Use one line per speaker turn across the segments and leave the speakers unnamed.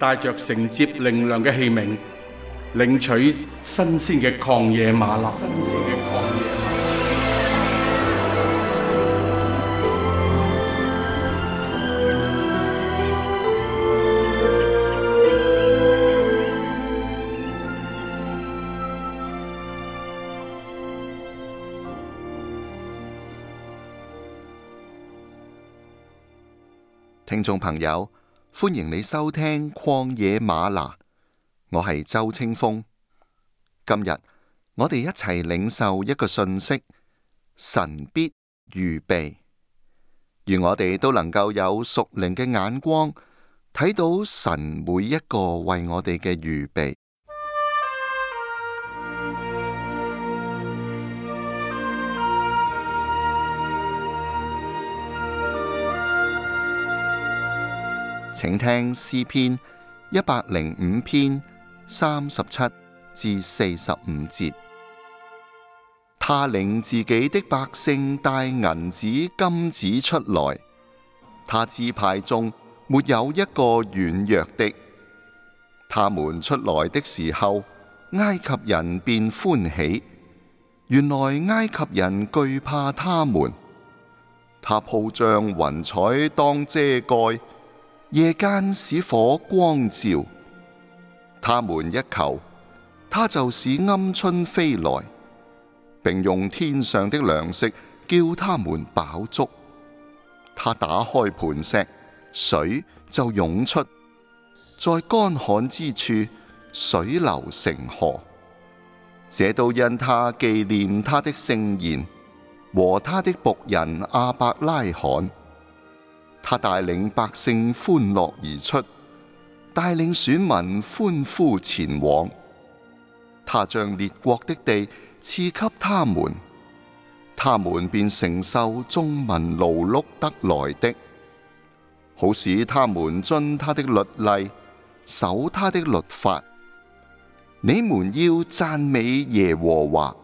帶着承接靈糧嘅器皿，領取新鮮嘅曠野嗎哪。新鮮，聽眾朋友。歡迎你收聽曠野嗎哪，我係周清風。今日我哋一齊領受一個信息：神必預備，願我哋都能夠有屬靈嘅眼光，睇到神每一個為我哋嘅預備。請聽詩篇一百零五篇三十七至四十五節。他領自己的百姓帶銀子、金子出來，他支派中沒有一個軟弱的。他們出來的時候，埃及人便歡喜，原來埃及人懼怕他們。他鋪張雲彩當遮蓋。夜間使火光照，他們一求，他就使鵪鶉飛來，並用天上的糧食叫他們飽足。他打開磐石，水就湧出，在乾旱之處水流成河。這都因他紀念他的聖言和他的僕人阿伯拉罕。他帶領百姓歡樂而出，帶領選民歡呼前往。他將列國的地賜給他們，他們便承受眾民勞碌得來的。好使他們遵他的律例，守他的律法。你們要讚美耶和華。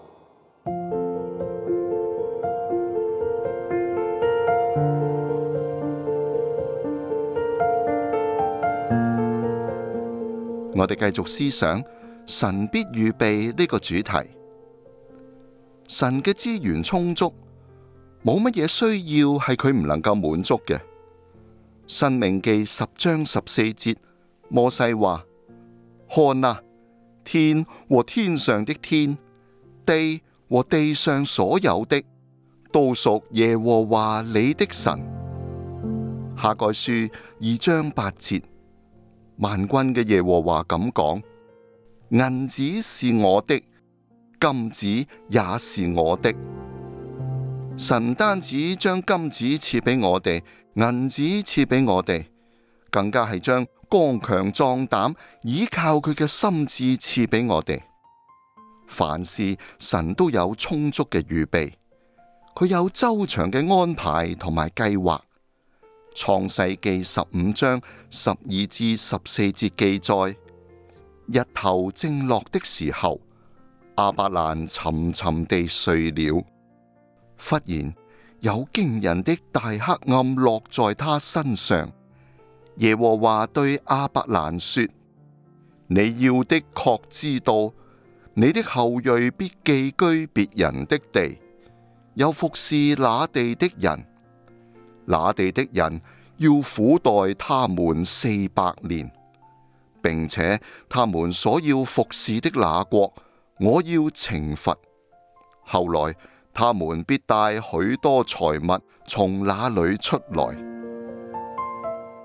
我哋繼續思想神必預備呢個主題。神嘅資源充足，冇乜嘢需要係佢唔能夠滿足嘅。申命記十章十四節，摩西話：看啊，天和天上的天，地和地上所有的，都屬耶和華你的神。哈該書二章八節。萬軍嘅耶和華咁講：銀子是我的，金子也是我的。神單止將金子賜俾我哋，銀子賜俾我哋，更加係將剛強壯膽，依靠佢嘅心智賜俾我哋。凡事神都有充足嘅預備，佢有周詳嘅安排同埋計劃。創世記十五章。十二至十四節記載，日頭正落的時候，亞伯蘭沉沉地睡了。忽然有驚人的大黑暗落在他身上。耶和華對亞伯蘭說：你要的確知道，你的後裔必寄居別人的地，又服侍那地的人，那地的人。要苦待他們四百年，並且他們所要服侍的那國，我要懲罰。後來他們必帶許多財物從那裡出來。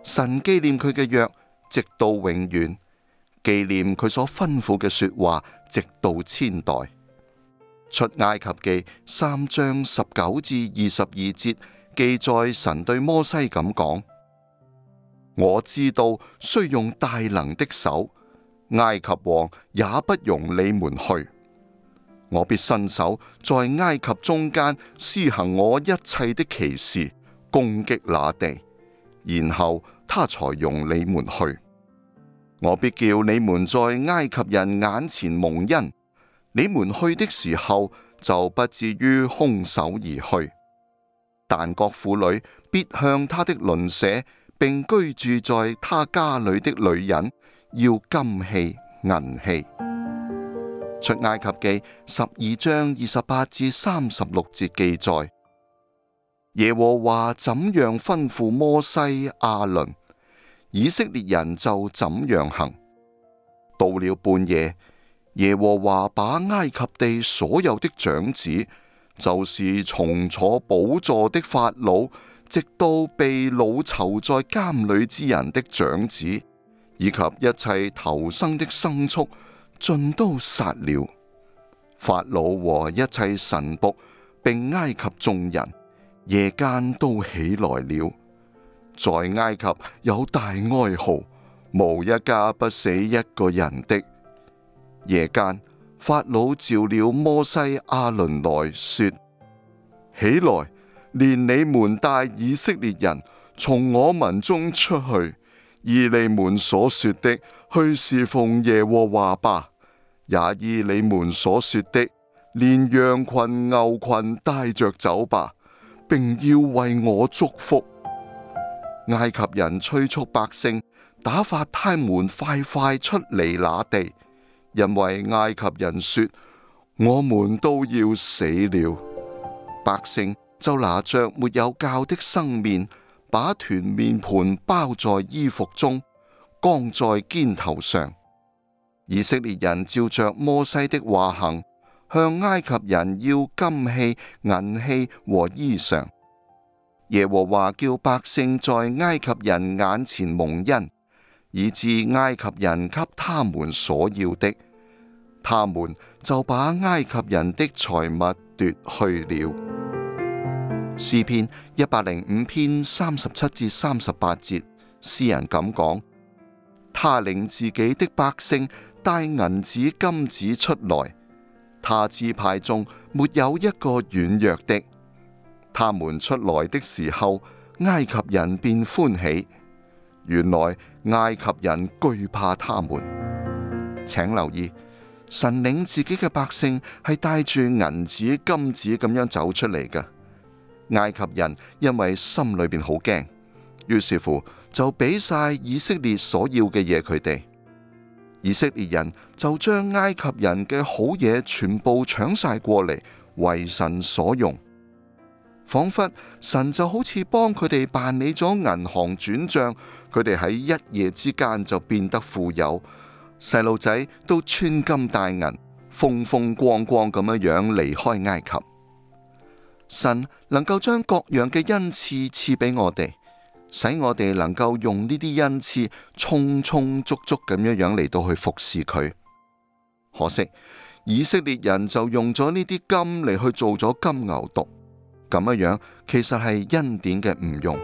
神紀念佢嘅約，直到永遠；紀念佢所吩咐嘅說話，直到千代。出埃及記三章十九至二十二節。記載神對摩西咁講：我知道需用大能的手，埃及王也不容你們去。我必伸手在埃及中間施行我一切的奇事，攻擊那地，然後他才容你們去。我必叫你們在埃及人眼前蒙恩，你們去的時候就不至於空手而去。但各婦女必向他的鄰舍，並居住在他家裏的女人要金器、銀器。出埃及記十二章二十八至三十六節記載：耶和華怎樣吩咐摩西、亞倫，以色列人就怎樣行。到了半夜，耶和華把埃及地所有的長子。就是從坐寶座的法老，直到被擄囚在監裏之人的長子，以及一切投生的牲畜，盡都殺了。法老和一切臣僕，並埃及眾人，夜間都起來了，在埃及有大哀號，無一家不死一個人的。夜間。法老召了摩西、亞倫來說：起來，連你們帶以色列人從我民中出去，依你們所說的去侍奉耶和華吧；也依你們所說的，連羊群、牛群帶着走吧，並要為我祝福。埃及人催促百姓，打發他們快快出離那地。因為埃及人說，我們都要死了，百姓就拿着沒有教的生麵，把團麵盤包在衣服中，扛在肩頭上。以色列人照着摩西的話行，向埃及人要金器、銀器和衣裳。耶和華叫百姓在埃及人眼前蒙恩。以致埃及人給他們所要的，他們就把埃及人的財物奪去了。詩篇一百零五篇三十七至三十八節，詩人咁講：他領自己的百姓帶銀子金子出來，他支派中沒有一個軟弱的。他們出來的時候，埃及人便歡喜。原來埃及人懼怕他們，請留意，神領自己嘅百姓係帶住銀紙金子咁樣走出嚟嘅。埃及人因為心裏邊好驚，於是乎就俾晒以色列所要嘅嘢佢哋。以色列人就將埃及人嘅好嘢全部搶晒過嚟，為神所用。仿佛神就好似幫佢哋辦理咗銀行轉賬，佢哋喺一夜之間就變得富有，細路仔都穿金戴銀，風風光光咁樣樣離開埃及。神能夠將各樣嘅恩賜賜俾我哋，使我哋能夠用呢啲恩賜，充充足足咁樣樣嚟到去服侍佢。可惜以色列人就用咗呢啲金嚟去做咗金牛犢。咁樣，其實係恩典嘅誤用。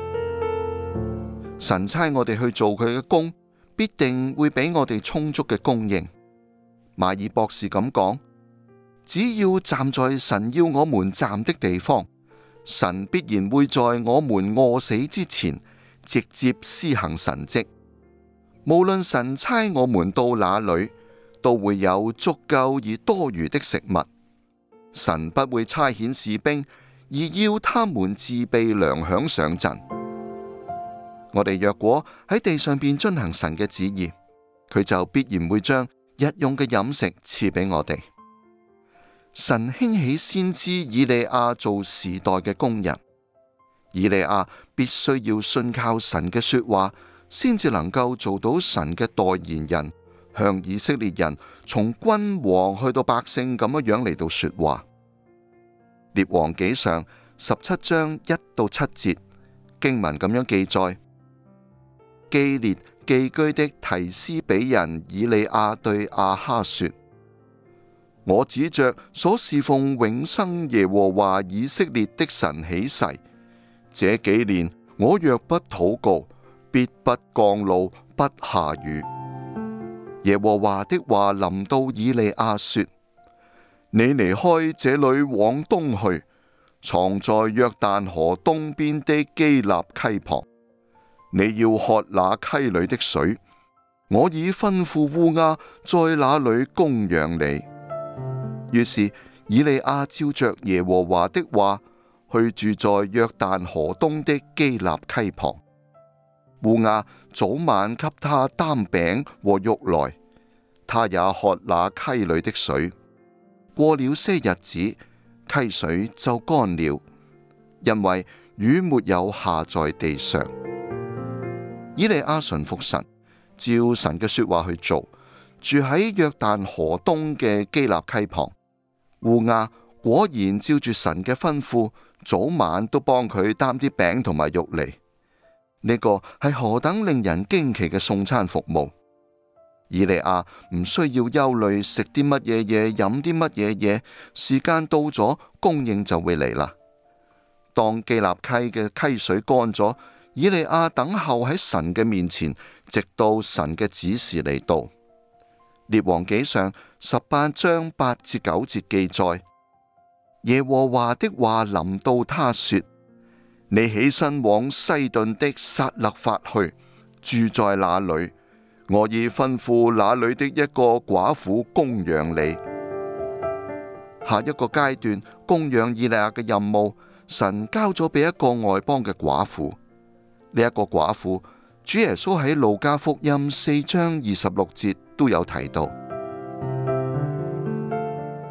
神差我哋去做佢嘅工，必定會俾我哋充足嘅供應。馬爾博士咁講，只要站在神要我們站的地方，神必然會在我們餓死之前直接施行神蹟。無論神差我們到哪裏，都會有足夠而多餘的食物。神不會差遣士兵。而要他們自備糧餉上陣，我哋若果喺地上邊遵行神嘅旨意，佢就必然會將日用嘅飲食賜俾我哋。神興起先知以利亞做時代嘅工人，以利亞必須要信靠神嘅說話，先至能夠做到神嘅代言人，向以色列人從君王去到百姓咁樣樣嚟到說話。列王記上十七章一到七節經文咁樣記載，基列寄居的提斯比人以利亞對亞哈說：我指着所侍奉永生耶和華以色列的神起誓，這幾年我若不禱告，必不降露不下雨。耶和華的話臨到以利亞說。你離開這裏往東去，藏在約旦河東邊的基立溪旁。你要喝那溪裏的水，我已吩咐烏鴉在那裏供養你。於是以利亞照着耶和華的話，去住在約旦河東的基立溪旁。烏鴉早晚給他擔餅和肉來，他也喝那溪裏的水。過了些日子，溪水就乾了，因為雨沒有下在地上。以利亞順服神，照神嘅說話去做，住喺約旦河東嘅基納溪旁。烏鴉果然照住神嘅吩咐，早晚都幫佢擔啲餅同埋肉嚟。呢個係何等令人驚奇嘅送餐服務！以利亞唔需要憂慮食啲乜嘢嘢，飲啲乜嘢嘢，時間到咗，供應就會嚟啦。當基納溪嘅溪水乾咗，以利亞等候喺神嘅面前，直到神嘅指示嚟到。列王記上十八章八至九節記載，耶和華的話臨到他說：你起身往西頓的撒勒法去，住在那裡。我已吩咐那裡的一個寡婦供養你。下一個階段供養以利亞嘅任務，神交咗俾一個外邦嘅寡婦。呢、這、一個寡婦，主耶穌喺路加福音四章二十六節都有提到。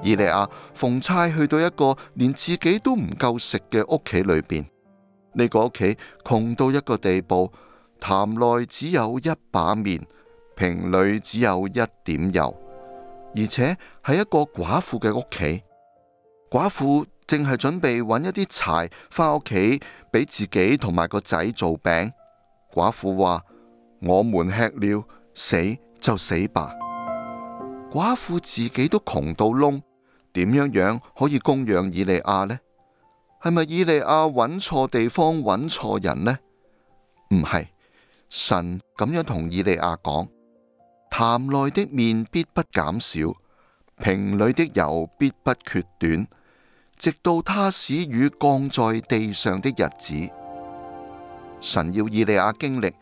以利亞奉差去到一個連自己都唔夠食嘅屋企裡邊，呢、這個屋企窮到一個地步，罈內只有一把麵。瓶裏只有一點油，而且係一個寡婦嘅屋企。寡婦正係準備揾一啲柴返屋企，俾自己同埋個仔做餅。寡婦話：我們吃了，死就死吧。寡婦自己都窮到窿，點樣樣可以供養以利亞呢？係咪以利亞揾錯地方，揾錯人呢？唔係，神咁樣同以利亞講。罈內的麵必不減少，瓶裏的油必不缺短，直到他使雨降在地上的日子。神要以利亞經歷，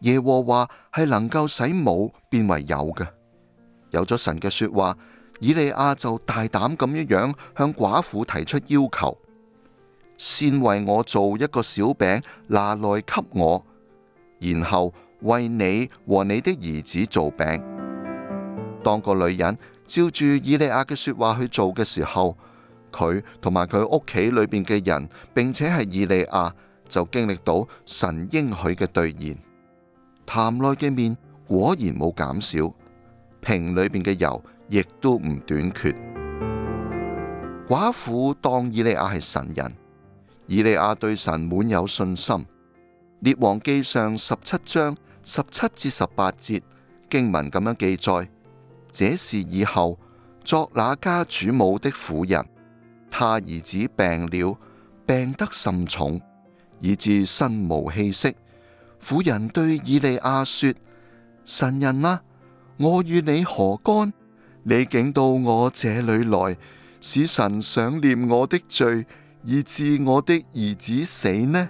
耶和華係能夠使冇變為有嘅。有咗神嘅說話，以利亞就大膽咁樣向寡婦提出要求，先為我做一個小餅，拿來給我，然後。為你和你的兒子做餅。當個女人照住以利亞嘅說話去做嘅時候，佢同埋佢屋企裏邊嘅人，並且係以利亞就經歷到神應許嘅兌現。罈內嘅麵果然冇減少，瓶裏邊嘅油亦都唔短缺。寡婦當以利亞係神人，以利亞對神滿有信心。列王紀上十七章。十七至十八節經文咁樣記載，這是以後作那家主母的婦人，她兒子病了，病得甚重，以致身無氣息。婦人對以利亞說：神人啊，我與你何干？你竟到我這裏來，使神想念我的罪，以致我的兒子死呢？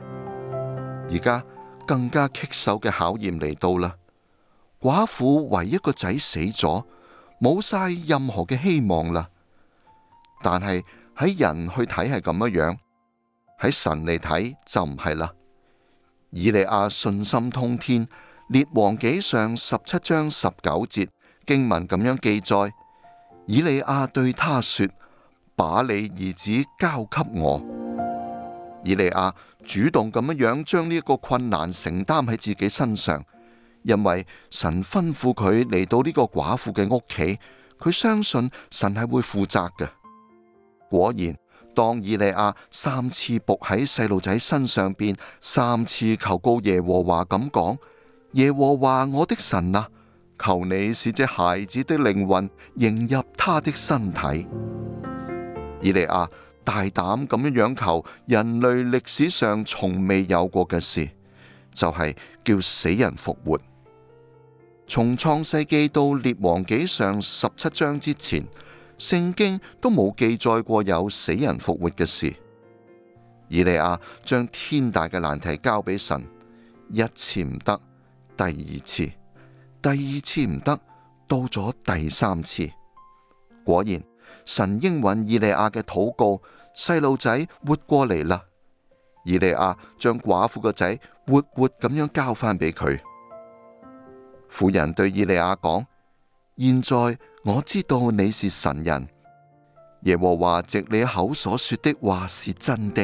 而家。更加棘手嘅考驗嚟到啦！寡婦唯一個仔死咗，冇晒任何嘅希望啦。但係喺人去睇，係咁樣，喺神嚟睇就唔係啦。以利亞信心通天，列王紀上十七章十九節經文咁樣記載：以利亞對他說，把你兒子交給我。以利亞主動咁樣將呢個困難承擔喺自己身上，因為神吩咐佢嚟到呢個寡婦嘅屋企，佢相信神係會負責嘅。果然，當以利亞三次伏喺細路仔身上邊，三次求告耶和華，咁講：耶和華我的神啊，求你使這孩子的靈魂，仍入他的身體。以利亞。大膽咁樣央求人類歷史上從未有過嘅事，就係叫死人復活。從創世紀到列王記上十七章之前，聖經都冇記載過有死人復活嘅事。以利亞將天大嘅難題交俾神，一次唔得，第二次，第二次唔得，到咗第三次，果然。神應允以利亞嘅禱告，細路仔活過嚟啦。以利亞將寡婦個仔活活咁樣交翻俾佢。婦人對以利亞講：現在我知道你是神人，耶和華藉你口所說的話是真的。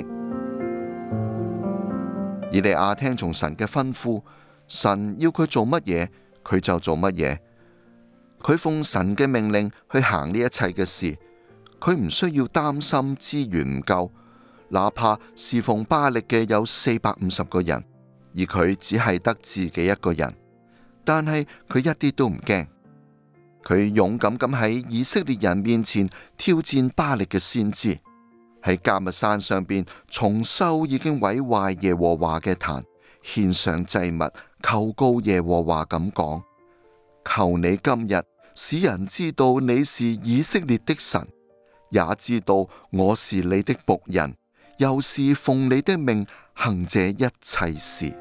以利亞聽從神嘅吩咐，神要佢做乜嘢，佢就做乜嘢。佢奉神嘅命令去行呢一切嘅事，佢唔需要擔心資源唔夠，哪怕侍奉巴力嘅有四百五十個人，而佢只係得自己一個人，但係佢一啲都唔驚，佢勇敢咁喺以色列人面前挑戰巴力嘅先知，喺迦密山上邊重修已經毀壞耶和華嘅壇，獻上祭物，求告耶和華咁講，求你今日。使人知道你是以色列的神，也知道我是你的僕人，又是奉你的命行這一切事。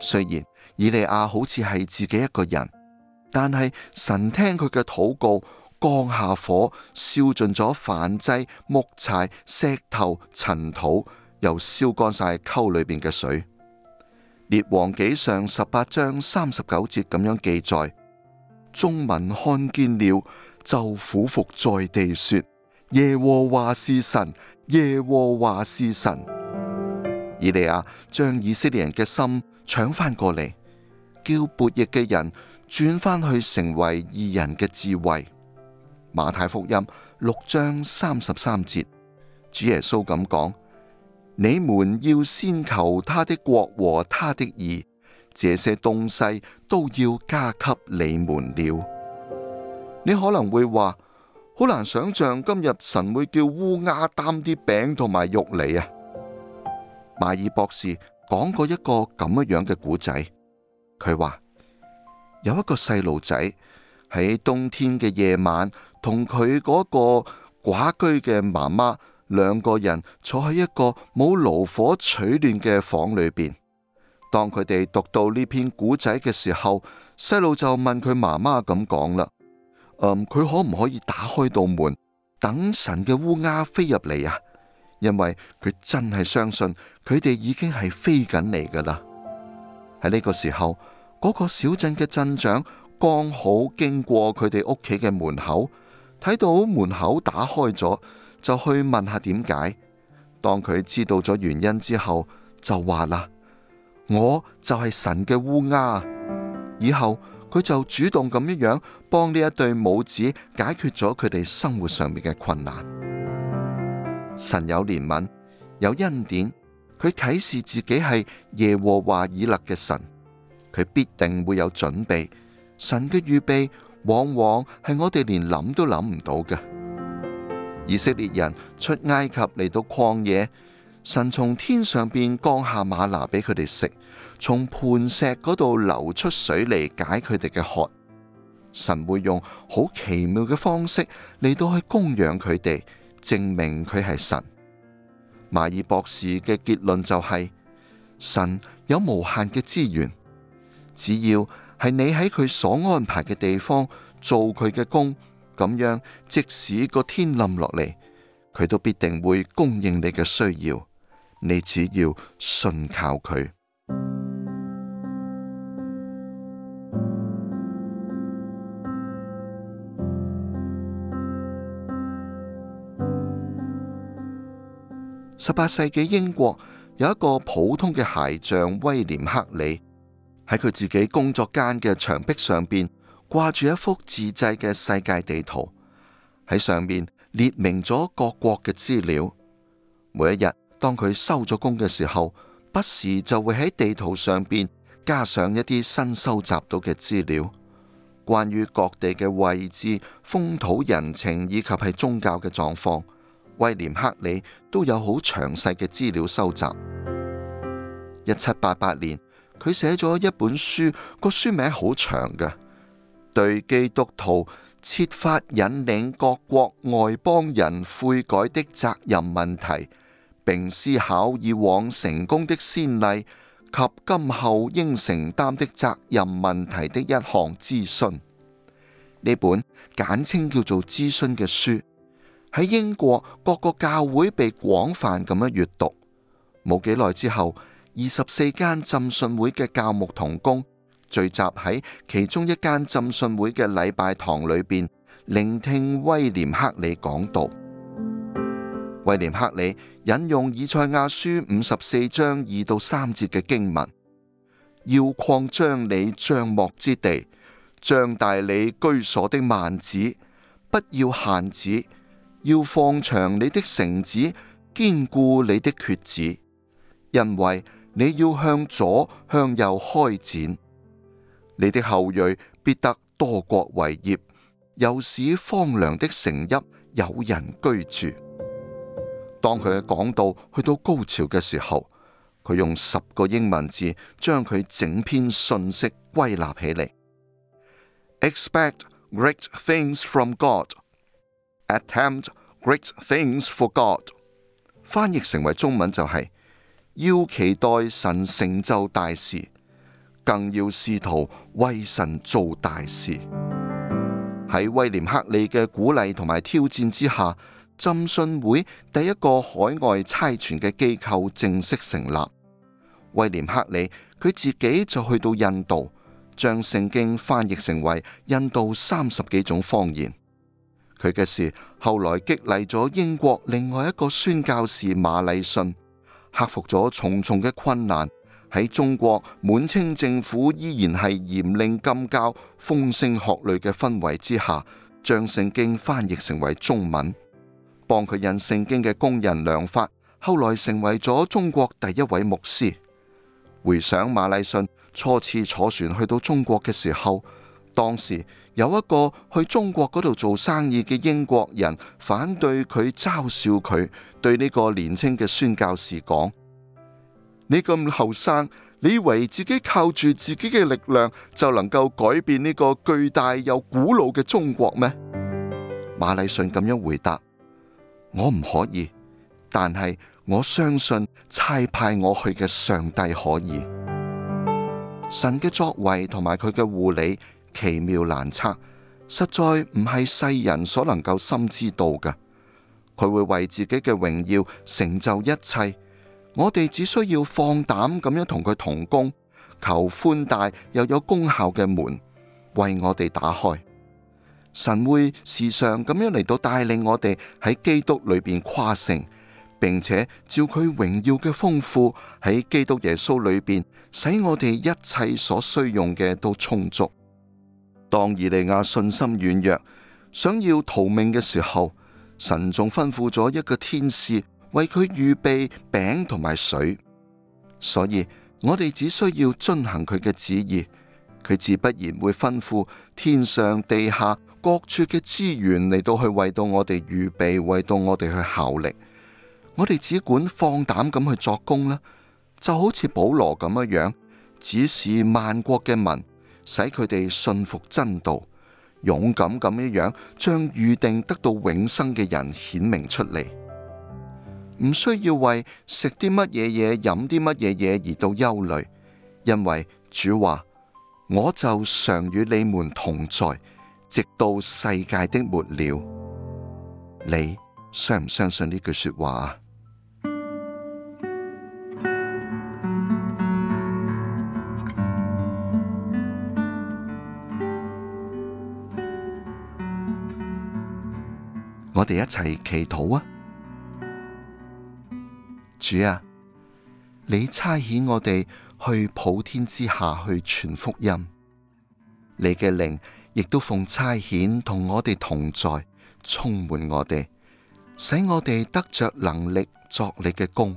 雖然以利亞好似係自己一個人，但係神聽佢嘅禱告，降下火燒盡咗燔祭、木柴、石頭、塵土，又燒乾晒溝裏邊嘅水。列王紀上十八章三十九節咁樣記載。眾民看見了，就俯伏在地說：耶和華是神，耶和華是神。以利亞將以色列人嘅心搶翻過嚟，叫悖逆嘅人轉翻去成為義人嘅智慧。馬太福音六章三十三節，主耶穌咁講：你們要先求他的國和他的義。這些東西都要加給你們了。你可能會話，好難想象今日神會叫烏鴉擔啲餅同埋肉嚟啊！邁爾博士講過一個咁樣嘅古仔，佢話有一個細路仔喺冬天嘅夜晚，同佢嗰個寡居嘅媽媽兩個人坐喺一個冇爐火取暖嘅房裏邊。當佢哋讀到呢篇古仔嘅時候，細路就問佢媽媽咁講啦：嗯，佢可唔可以打開道門，等神嘅烏鴉飛入嚟啊？因為佢真係相信佢哋已經係飛緊嚟噶啦。喺呢個時候，嗰個小鎮嘅鎮長剛好經過佢哋屋企嘅門口，睇到門口打開咗，就去問下點解。當佢知道咗原因之後，就話啦。我就係神嘅烏鴉。以後佢就主動咁樣樣幫呢一對母子解決咗佢哋生活上面嘅困難。神有憐憫，有恩典，佢啟示自己係耶和華以勒嘅神，佢必定會有準備。神嘅預備往往係我哋連諗都諗唔到嘅。以色列人出埃及嚟到曠野。神從天上邊降下嗎哪俾佢哋食，從磐石嗰度流出水嚟，解佢哋嘅渴。神會用好奇妙嘅方式嚟到去供養佢哋，證明佢係神。馬爾博士嘅結論就係，神有無限嘅資源，只要係你喺佢所安排嘅地方做佢嘅工，咁樣即使個天冧落嚟，佢都必定會供應你嘅需要。你只要信靠佢。十八世紀英國有一個普通嘅鞋匠威廉克里，喺佢自己工作間嘅牆壁上邊掛住一幅自製嘅世界地圖，喺上面列明咗各國嘅資料。每一日。當佢收咗工嘅時候，不時就會喺地圖上邊加上一啲新收集到嘅資料，關於各地嘅位置、風土人情以及係宗教嘅狀況，威廉克里都有好詳細嘅資料收集。一七八八年，佢寫咗一本書，個書名好長嘅，對基督徒設法引領各國外邦人悔改的責任問題。並思考以往成功的先例及今後應承擔的責任問題的一項諮詢。呢本簡稱叫做諮詢嘅書喺英國各個教會被廣泛咁樣閱讀。冇幾耐之後，二十四間浸信會嘅教牧同工聚集喺其中一間浸信會嘅禮拜堂裏邊，聆聽威廉克里講道。威廉克里。引用以賽亞書五十四章二到三節嘅經文：要擴張你帳幕之地，張大你居所的幔子，不要限止，要放長你的繩子，堅固你的橛子，因為你要向左向右開展，你的後裔必得多國為業，又使荒涼的城邑有人居住。當佢嘅講道去到高潮嘅時候，佢用十個英文字將佢整篇信息歸納起嚟。Expect great things from God, attempt great things for God。翻譯成為中文就係、是、要期待神成就大事，更要試圖為神做大事。喺威廉克利嘅鼓勵同埋挑戰之下，浸信會第一個海外差傳嘅機構正式成立。威廉克里佢自己就去到印度，將聖經翻譯成為印度三十幾種方言。佢嘅事後來激勵咗英國另外一個宣教士馬禮遜，克服咗重重嘅困難，喺中國滿清政府依然係嚴令禁教、風聲鶴唳嘅氛圍之下，將聖經翻譯成為中文。幫佢印聖經嘅工人梁發，後來成為咗中國第一位牧師。回想馬禮遜初次坐船去到中國嘅時候，當時有一個去中國嗰度做生意嘅英國人反對佢，嘲笑佢，對呢個年輕嘅宣教士講：「你咁後生，你以為自己靠住自己嘅力量就能夠改變呢個巨大又古老嘅中國咩？」馬禮遜咁樣回答。我唔可以，但係我相信差派我去嘅上帝可以。神嘅作為同埋佢嘅護理奇妙難測，實在唔係世人所能夠心知道嘅。佢會為自己嘅榮耀成就一切，我哋只需要放膽咁樣同佢同工，求寬大又有功效嘅門為我哋打開。神會時常咁樣嚟到帶領我哋喺基督裏邊跨城，並且照佢榮耀嘅豐富喺基督耶穌裏邊，使我哋一切所需用嘅都充足。當以利亞信心軟弱，想要逃命嘅時候，神仲吩咐咗一個天使為佢預備餅同埋水。所以我哋只需要遵行佢嘅旨意，佢自不然會吩咐天上地下，各處嘅資源嚟到去為到我哋預備，為到我哋去效力。我哋只管放膽咁去作工啦，就好似保羅咁一樣，指示萬國嘅民，使佢哋信服真道，勇敢咁一樣，將預定得到永生嘅人顯明出嚟。唔需要為食啲乜嘢嘢，飲啲乜嘢嘢而到憂慮，因為主話：我就常與你們同在。直到世界的末了，你相唔相信呢句說話啊？我哋一齊祈禱啊！ 主啊，你差遣我哋去普天之下去傳福音，你嘅靈，亦都奉差遣同我哋同在，充滿我哋，使我哋得着能力作你嘅工。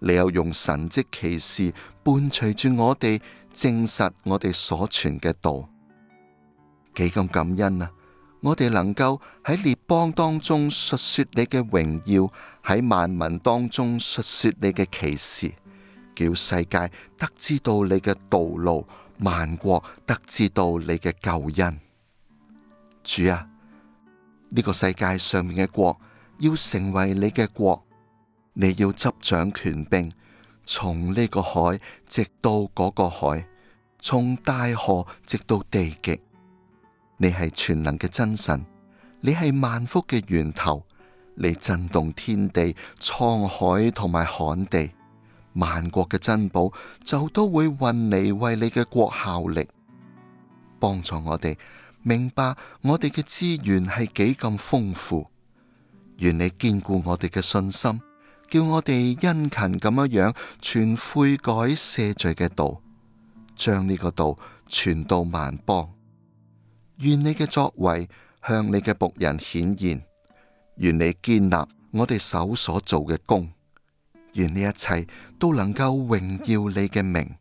你又用神蹟奇事伴隨住我哋，證實我哋所傳嘅道。幾咁感恩啊！我哋能夠喺列邦當中述說你嘅榮耀，喺萬民當中述說你嘅奇事，叫世界得知道你嘅道路。萬國得知道你嘅救恩，主啊！呢、這個世界上面嘅國要成為你嘅國，你要執掌權柄，從呢個海直到嗰個海，從大河直到地極。你係全能嘅真神，你係萬福嘅源頭，你震動天地、滄海同埋旱地。萬國嘅珍寶就都會運嚟為你嘅國效力，幫助我哋明白我哋嘅資源係幾咁豐富。願你堅固我哋嘅信心，叫我哋殷勤咁樣樣傳悔改赦罪嘅道，將呢個道傳到萬邦。願你嘅作為向你嘅僕人顯現，願你建立我哋手所做嘅工。願呢一切都能夠榮耀你嘅名。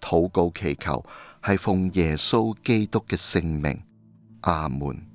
禱告祈求，係奉耶穌基督嘅聖名。阿門。